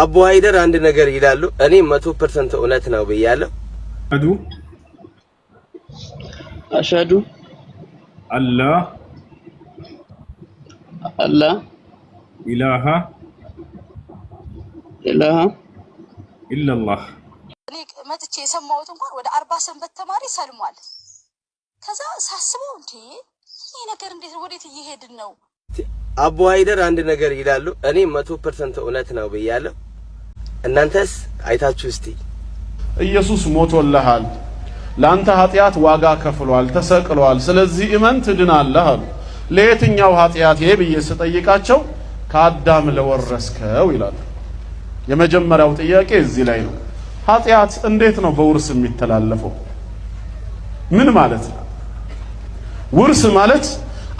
አቡ ሀይደር አንድ ነገር ይላሉ። እኔ መቶ ፐርሰንት እውነት ነው ብያለሁ። አዱ አሻዱ አላ አላ ኢላሃ ኢላሃ ኢላላህ እኔ መጥቼ የሰማሁት እንኳን ወደ አርባ ሰንበት ተማሪ ሰልሟል። ከዛ ሳስበው እንዴ ይህ ነገር እንዴት ወዴት እየሄድን ነው? አቡ ሀይደር አንድ ነገር ይላሉ። እኔ መቶ ፐርሰንት እውነት ነው ብያለሁ። እናንተስ አይታችሁ እስቲ ኢየሱስ ሞቶልሃል፣ ለአንተ ኃጢአት ዋጋ ከፍሏል፣ ተሰቅሏል፣ ስለዚህ እመን ትድናለህ አሉ። ለየትኛው ኃጢአቴ ብዬ ስጠይቃቸው ከአዳም ለወረስከው ይላሉ። የመጀመሪያው ጥያቄ እዚህ ላይ ነው። ኃጢአት እንዴት ነው በውርስ የሚተላለፈው? ምን ማለት ነው? ውርስ ማለት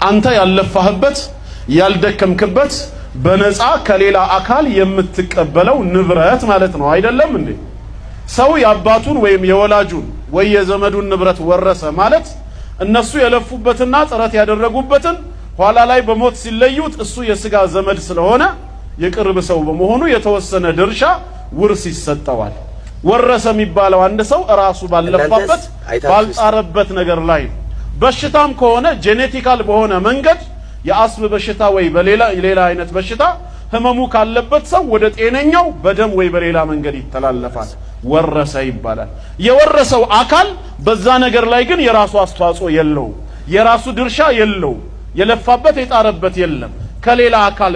አንተ ያልለፋህበት ያልደከምክበት በነፃ ከሌላ አካል የምትቀበለው ንብረት ማለት ነው። አይደለም እንዴ? ሰው የአባቱን ወይም የወላጁን ወይ የዘመዱን ንብረት ወረሰ ማለት እነሱ የለፉበትና ጥረት ያደረጉበትን ኋላ ላይ በሞት ሲለዩት እሱ የስጋ ዘመድ ስለሆነ የቅርብ ሰው በመሆኑ የተወሰነ ድርሻ ውርስ ይሰጠዋል። ወረሰ የሚባለው አንድ ሰው እራሱ ባለፋበት ባልጣረበት ነገር ላይ በሽታም ከሆነ ጄኔቲካል በሆነ መንገድ የአስም በሽታ ወይ በሌላ ሌላ አይነት በሽታ ህመሙ ካለበት ሰው ወደ ጤነኛው በደም ወይ በሌላ መንገድ ይተላለፋል። ወረሰ ይባላል። የወረሰው አካል በዛ ነገር ላይ ግን የራሱ አስተዋጽኦ የለው የራሱ ድርሻ የለው የለፋበት የጣረበት የለም። ከሌላ አካል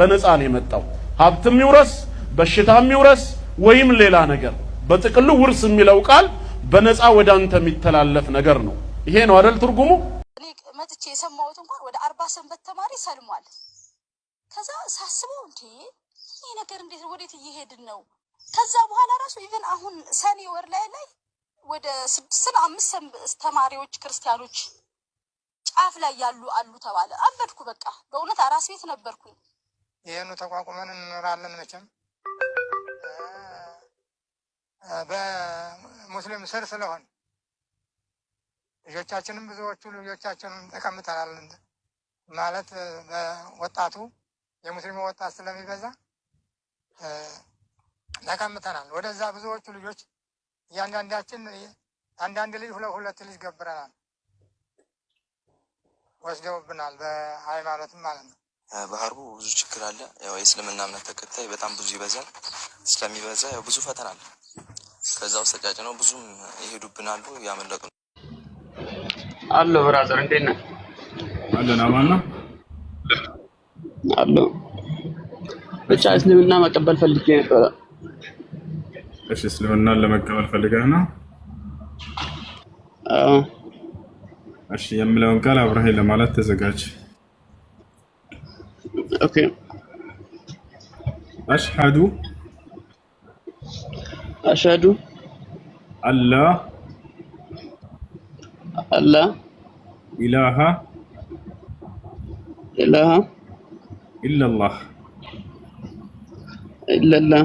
በነፃ ነው የመጣው። ሀብትም ይውረስ፣ በሽታም ይውረስ ወይም ሌላ ነገር፣ በጥቅሉ ውርስ የሚለው ቃል በነፃ ወደ አንተ የሚተላለፍ ነገር ነው። ይሄ ነው አይደል ትርጉሙ? መጥቼ የሰማሁት እንኳን ወደ አርባ ሰንበት ተማሪ ሰልሟል። ከዛ ሳስበው እንዴ ይህ ነገር እንዴት ወዴት እየሄድን ነው? ከዛ በኋላ ራሱ ኢቨን አሁን ሰኔ ወር ላይ ላይ ወደ ስድስትና አምስት ተማሪዎች ክርስቲያኖች ጫፍ ላይ ያሉ አሉ ተባለ። አበድኩ በቃ በእውነት አራስ ቤት ነበርኩኝ። ይህኑ ተቋቁመን እንኖራለን። መቼም በሙስሊም ስር ስለሆን ልጆቻችንም ብዙዎቹ ልጆቻችንም ተቀምጠናል። ማለት ወጣቱ የሙስሊሙ ወጣት ስለሚበዛ ተቀምጠናል። ወደዛ ብዙዎቹ ልጆች እያንዳንዳችን አንዳንድ ልጅ ሁለት ሁለት ልጅ ገብረናል፣ ወስደውብናል። በሃይማኖትም ማለት ነው። በሀርቡ ብዙ ችግር አለ። ያው የእስልምና እምነት ተከታይ በጣም ብዙ ይበዛል። ስለሚበዛ ያው ብዙ ፈተና አለ። ከዛ ውስጥ ተጫጭ ነው ብዙም ይሄዱብናሉ ያመለጡ አለሁ ብራዘር፣ እንዴት ነህ? አለን አማን ነው አለሁ። ብቻ እስልምና መቀበል ፈልጌ ነበረ። እሺ፣ እስልምናን ለመቀበል ፈልገህ ነው? አዎ። እሺ፣ የምለውን ቃል አብረህ ለማለት ተዘጋጅ። ኦኬ። አሽሃዱ አሽሃዱ አላህ الله إله إله إلا الله إلا الله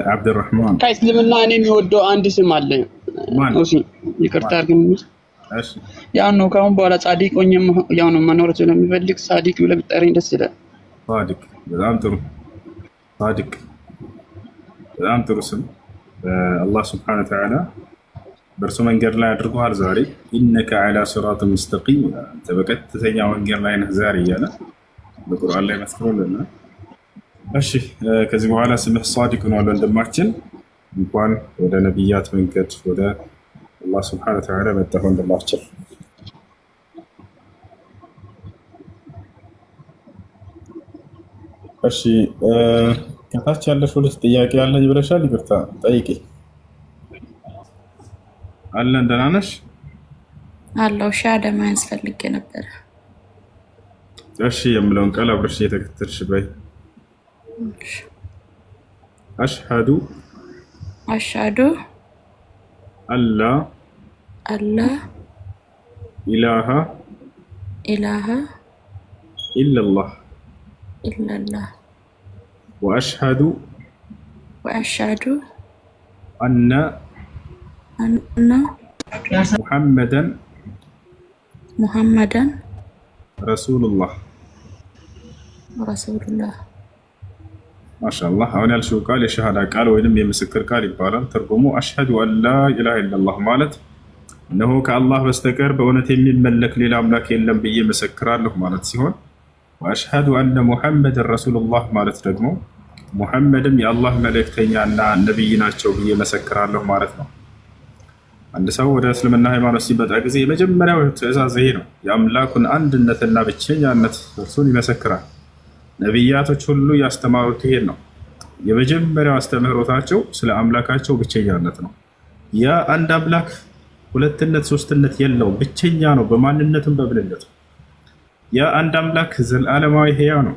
عبد الرحمن كيس لمن لا نيم يودو عندي سمال لي ماشي ያን ነው። ከአሁን በኋላ ጻዲቅ ሆኜም ያው ነው መኖር ስለሚፈልግ ጻዲቅ ብለህ ብትጠሪኝ ደስ ይላል። ጻዲቅ በጣም ጥሩ ጻዲቅ በጣም ጥሩ ስም አላህ ስብሐነሁ ወተዓላ በእርሱ መንገድ ላይ አድርጎሃል። ዛሬ ኢነከ ዐላ ሲራጥ ሙስተቂም አንተ በቀጥተኛ መንገድ ላይ ነህ ዛሬ እያለ በቁርአን ላይ መስክሮልና፣ እሺ ከዚህ በኋላ ስምህ ጻዲቅ ሆኗል ወንድማችን። እንኳን ወደ ነቢያት መንገድ ወደ አላህ ስብሐነ ወተዓላ መጣሁ እንድናስችል እሺ ከታች ያለሽ ሁለት ጥያቄ አለኝ ብለሻል። ይቅርታ ጠይቂ። አለን ደህና ነሽ? አለው ሻዳ ማያዝ ፈልጌ ነበረ። እሺ የምለውን ቃል አብረሽ እየተከተልሽ በይ። አሽሃዱ አሽሃዱ አላ الله إله إله إلا الله إلا الله وأشهد وأشهد أن أن محمدا محمدا رسول الله رسول الله ما شاء الله هون شو قال يشهد قال وين مسكر قال يبارن ترقوموا اشهد ان لا اله الا الله مالت እነሆ ከአላህ በስተቀር በእውነት የሚመለክ ሌላ አምላክ የለም ብዬ መሰክራለሁ ማለት ሲሆን ወአሽሃዱ አነ ሙሐመድን ረሱሉላህ ማለት ደግሞ ሙሐመድም የአላህ መልእክተኛና ነቢይ ናቸው ብዬ መሰክራለሁ ማለት ነው። አንድ ሰው ወደ እስልምና ሃይማኖት ሲመጣ ጊዜ የመጀመሪያው ትዕዛዝ ይሄ ነው። የአምላኩን አንድነትና ብቸኛነት እርሱን ይመሰክራል። ነቢያቶች ሁሉ ያስተማሩት ይሄን ነው። የመጀመሪያው አስተምህሮታቸው ስለ አምላካቸው ብቸኛነት ነው። ያ አንድ አምላክ ሁለትነት ሶስትነት የለውም፣ ብቸኛ ነው በማንነትም በብልነት ያ አንድ አምላክ ዘላለማዊ ህያው ነው።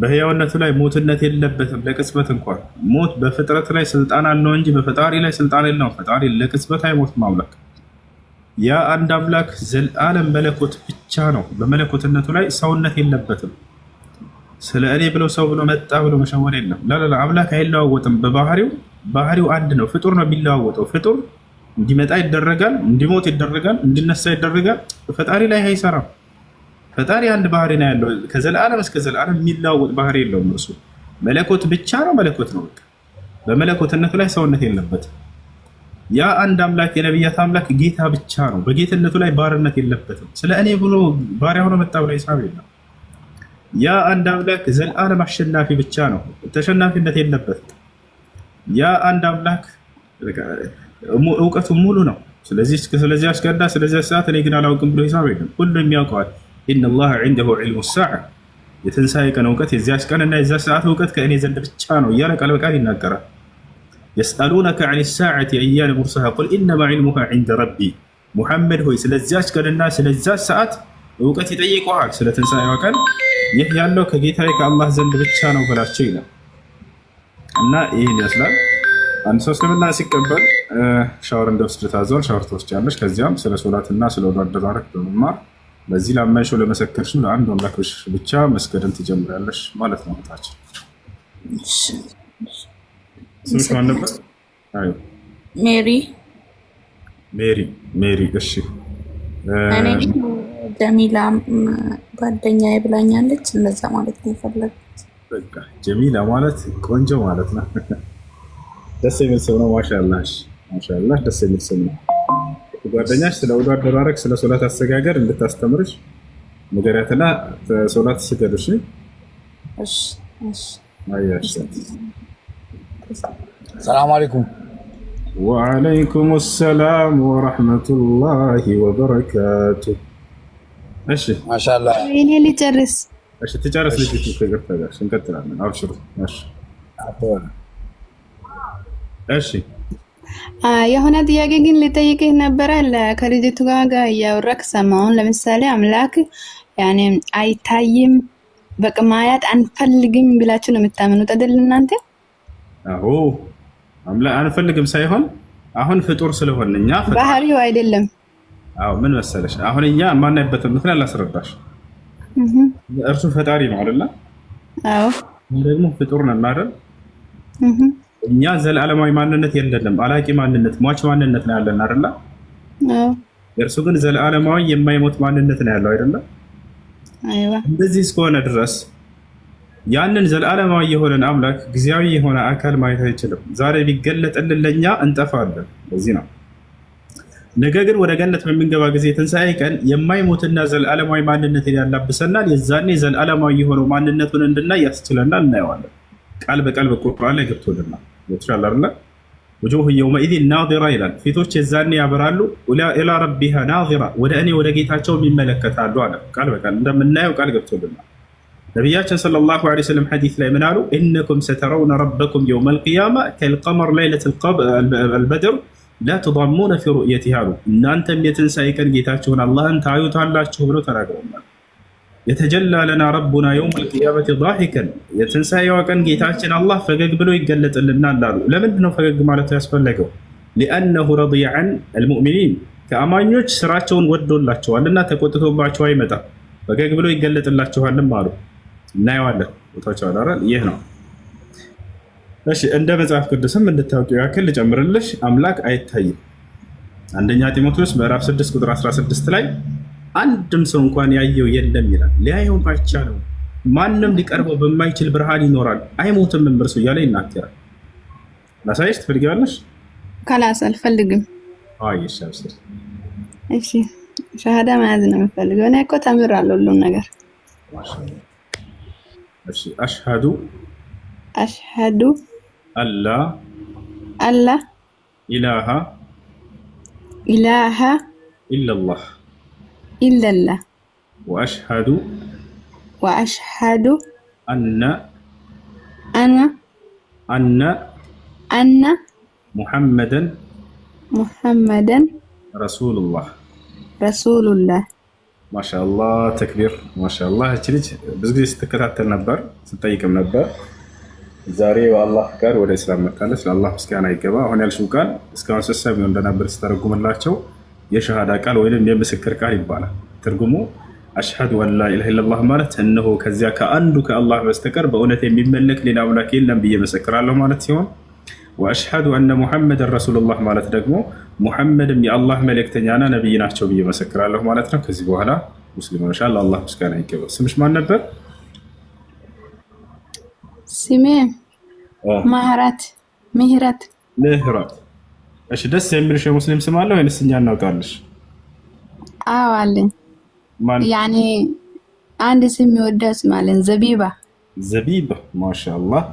በህያውነቱ ላይ ሞትነት የለበትም። ለቅጽበት እንኳን ሞት በፍጥረት ላይ ስልጣን አለው እንጂ በፈጣሪ ላይ ስልጣን የለውም። ፈጣሪ ለቅጽበት አይሞትም። አምላክ ያ አንድ አምላክ ዘላለም መለኮት ብቻ ነው። በመለኮትነቱ ላይ ሰውነት የለበትም። ስለ እኔ ብሎ ሰው ብሎ መጣ ብሎ መሸወር የለም። ላላ አምላክ አይለዋወጥም። በባህሪው ባህሪው አንድ ነው። ፍጡር ነው የሚለዋወጠው ፍጡር እንዲመጣ ይደረጋል፣ እንዲሞት ይደረጋል፣ እንዲነሳ ይደረጋል። ፈጣሪ ላይ አይሰራም። ፈጣሪ አንድ ባህሪ ነው ያለው። ከዘለዓለም እስከ ዘለዓለም የሚለዋወጥ ባህሪ የለውም። እርሱ መለኮት ብቻ ነው፣ መለኮት ነው በመለኮትነቱ ላይ ሰውነት የለበትም። ያ አንድ አምላክ የነቢያት አምላክ ጌታ ብቻ ነው። በጌትነቱ ላይ ባርነት የለበትም። ስለ እኔ ብሎ ባሪያ ሆኖ መጣ ብሎ ሂሳብ የለም። ያ አንድ አምላክ ዘለዓለም አሸናፊ ብቻ ነው። ተሸናፊነት የለበትም። ያ አንድ አምላክ እውቀቱ ሙሉ ነው። ስለዚህ አስገዳ ስለዚህ ሰዓት እኔ ግን አላውቅም ብሎ ሂሳብ የለም። ሁሉም ያውቀዋል። ኢነላህ ዒንደሁ ዒልሙ ሰዓ የትንሣኤ ቀን እውቀት የዚያች ቀን እና የዚያ ሰዓት እውቀት ከእኔ ዘንድ ብቻ ነው እያለ ቃል በቃል ይናገራል። የስአሉነከ ዐን ሰዓቲ አያነ ሙርሳሃ ቁል ኢነማ ዒልሙሃ ዒንደ ረቢ ሙሐመድ ሆይ ስለዚያች ቀንና ስለዚያች ሰዓት እውቀት ይጠይቀዋል። ስለ ትንሣኤዋ ቀን ይህ ያለው ከጌታዬ ከአላህ ዘንድ ብቻ ነው ብላቸው ይላል እና ይህን ይመስላል አንድ ሰው እስልምና ሲቀበል ሻወር እንደወስድ ታዘዋል። ሻወር ትወስጃለሽ። ከዚያም ስለ ሶላትና ስለ ወደ አደራረግ በመማር በዚህ ላመንሽው ለመሰከርሽው ለአንድ አምላክ ብቻ መስገድን ትጀምሪያለሽ ማለት ነው። ታችን ስምሽ ማን ነበር? ሜሪ ሜሪ ሜሪ። እሺ ጀሚላ ጓደኛዬ ብላኛለች። እነዛ ማለት ነው የፈለጉት። በቃ ጀሚላ ማለት ቆንጆ ማለት ነው። ደስ የሚል ስም ነው። ማሻላሽ ማሻላሽ፣ ደስ የሚል ስም ነው። ጓደኛሽ ስለ ውዱ አደራረግ፣ ስለ ሶላት አሰጋገድ እንድታስተምርሽ ንገሪያትና ሶላት ስገድሽ። ሰላም አለይኩም። ወአለይኩም ሰላም ወረሕመቱላሂ ወበረካቱ። እሺ ማሻላ እኔ ልጨርስ። እሺ ትጨርስ ልጅ ትገፈጋሽ። እንቀጥላለን። አብሽሩ። እሺ እሺ የሆነ ጥያቄ ግን ልጠይቅህ ነበረ። ከልጅቱ ጋር እያወራክ ሰማሁን። ለምሳሌ አምላክ ያኔ አይታይም በቃ ማያት አንፈልግም ብላችሁ ነው የምታምኑት አይደል እናንተ? አዎ አንፈልግም ሳይሆን አሁን ፍጡር ስለሆነ እኛ ባህሪው አይደለም። አዎ ምን መሰለሽ አሁን እኛ ማናይበት ምክንያት ላስረዳሽ። እርሱ ፈጣሪ ነው አይደል? አዎ ደግሞ ፍጡር ነው አይደል? እኛ ዘለዓለማዊ ማንነት የለንም። አላቂ ማንነት፣ ሟች ማንነት ነው ያለን አይደለ? እርሱ ግን ዘለዓለማዊ የማይሞት ማንነት ነው ያለው አይደለ? እንደዚህ እስከሆነ ድረስ ያንን ዘለዓለማዊ የሆነን አምላክ ጊዜያዊ የሆነ አካል ማየት አይችልም። ዛሬ ቢገለጥልን ለእኛ እንጠፋለን። በዚህ ነው። ነገ ግን ወደ ገነት በምንገባ ጊዜ ትንሣኤ ቀን የማይሞትና ዘለዓለማዊ ማንነትን ያላብሰናል። የዛኔ ዘለዓለማዊ የሆነው ማንነቱን እንድናይ ያስችለናል። እናየዋለን። ቃል በቃል በቁርአን ላይ ገብቶልናል። ይችላል አይደል? ውጁህ የውመኢዚን ናዚራ ይላል። ፊቶች የዛኔ ያበራሉ። ኢላ ረቢሃ ናዚራ፣ ወደ እኔ ወደ ጌታቸውም ይመለከታሉ አለ። ቃል በቃል እንደምናየው ቃል ገብቶልናል። ነቢያችን ሰለላሁ ዐለይሂ ወሰለም ሐዲስ ላይ ምን አሉ? ኢነኩም ሰተረውነ ረበኩም የውመል ቂያማ ከልቀመር ለይለተል በድር ላ ትዳሙነ ፊ ሩእየቲህ አሉ። እናንተም የትንሣኤ ቀን ጌታችሁን አላህን ታዩታላችሁ ብሎ ተናግረውናል። የተጀላለና ለና ረቡና የውም አልቅያመት ዳሒከን የትንሣኤዋ ቀን ጌታችን አላህ ፈገግ ብሎ ይገለጥልናል አሉ። ለምንድን ነው ፈገግ ማለት ያስፈለገው? ሊአነሁ ረድያ ዐን አልሙእሚኒን ከአማኞች ስራቸውን ወዶላቸዋልና ተቆጥቶባቸው አይመጣም። ፈገግ ብሎ ይገለጥላቸዋልም አሉ። እናየዋለን ቦታቸው ይህ ነው እሺ። እንደ መጽሐፍ ቅዱስም እንድታውቂው ያክል ልጨምርልሽ፣ አምላክ አይታይም። አንደኛ ጢሞቴዎስ ምዕራፍ 6 ቁጥር 16 ላይ አንድም ሰው እንኳን ያየው የለም ይላል። ሊያየውም አይቻለው። ማንም ሊቀርበው በማይችል ብርሃን ይኖራል፣ አይሞትም እርሱ እያለ ይናገራል። ላሳይሽ ትፈልጊዋለሽ? ከላስ አልፈልግም። እሺ ሻሃዳ መያዝ ነው የምፈልገው። እኔ እኮ ተምራለሁ ሁሉም ነገር። እሺ አሽሃዱ አሽሃዱ አላ አላ ኢላሃ ኢላሃ ኢላላህ إلا الله وأشهد አነ أن أنا أن أن محمدا محمدا رسول الله ማሻላ ተክቢር ማሻላ። እች ልጅ ብዙ ጊዜ ስትከታተል ነበር፣ ስጠይቅም ነበር። ዛሬ በአላህ ፍቃድ ወደ እስላም መታለች። ለአላህ ምስጋና ይገባ። አሁን ያልሽው ቃል እስካሁን ስሰብ እንደነበር ስተረጉምላቸው የሸሃዳ ቃል ወይም የምስክር ቃል ይባላል። ትርጉሙ አሽሀዱ አላ ኢላሃ ኢለላህ ማለት እነሆ ከዚያ ከአንዱ ከአላህ በስተቀር በእውነት የሚመለክ ሌላ አምላክ የለም ብዬ መሰክራለሁ ማለት ሲሆን ወአሽሀዱ አነ ሙሐመድን ረሱሉላህ ማለት ደግሞ ሙሐመድም የአላህ መልእክተኛና ነቢይ ናቸው ብዬ መሰክራለሁ ማለት ነው። ከዚህ በኋላ ሙስሊም ሆነሻል። ለአላህ ምስጋና ይገባል። ስምሽ ማን ነበር? ስሜ ምህረት ምህረት ምህረት እሺ ደስ የሚልሽ የሙስሊም ስም አለ ወይንስ እኛ እናውቃለሽ? አዎ አለኝ። ያኔ አንድ ስም ይወዳስ ማለት ዘቢባ ዘቢባ። ማሻአላህ።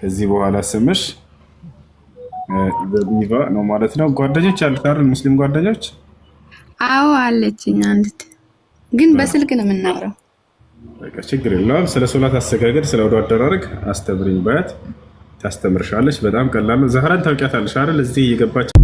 ከዚህ በኋላ ስምሽ ዘቢባ ነው ማለት ነው። ጓደኞች አሉ ታር ሙስሊም ጓደኞች? አዎ አለችኝ አንዲት፣ ግን በስልክ ነው የምናወራው። በቃ ችግር የለውም። ስለ ሶላት አሰጋገድ፣ ስለ ወዶ አደራረግ አስተምሪኝ ባያት ታስተምርሻለች። በጣም ቀላል ነው። ዛህራን ታውቂያታለሽ አይደል? እዚህ እየገባች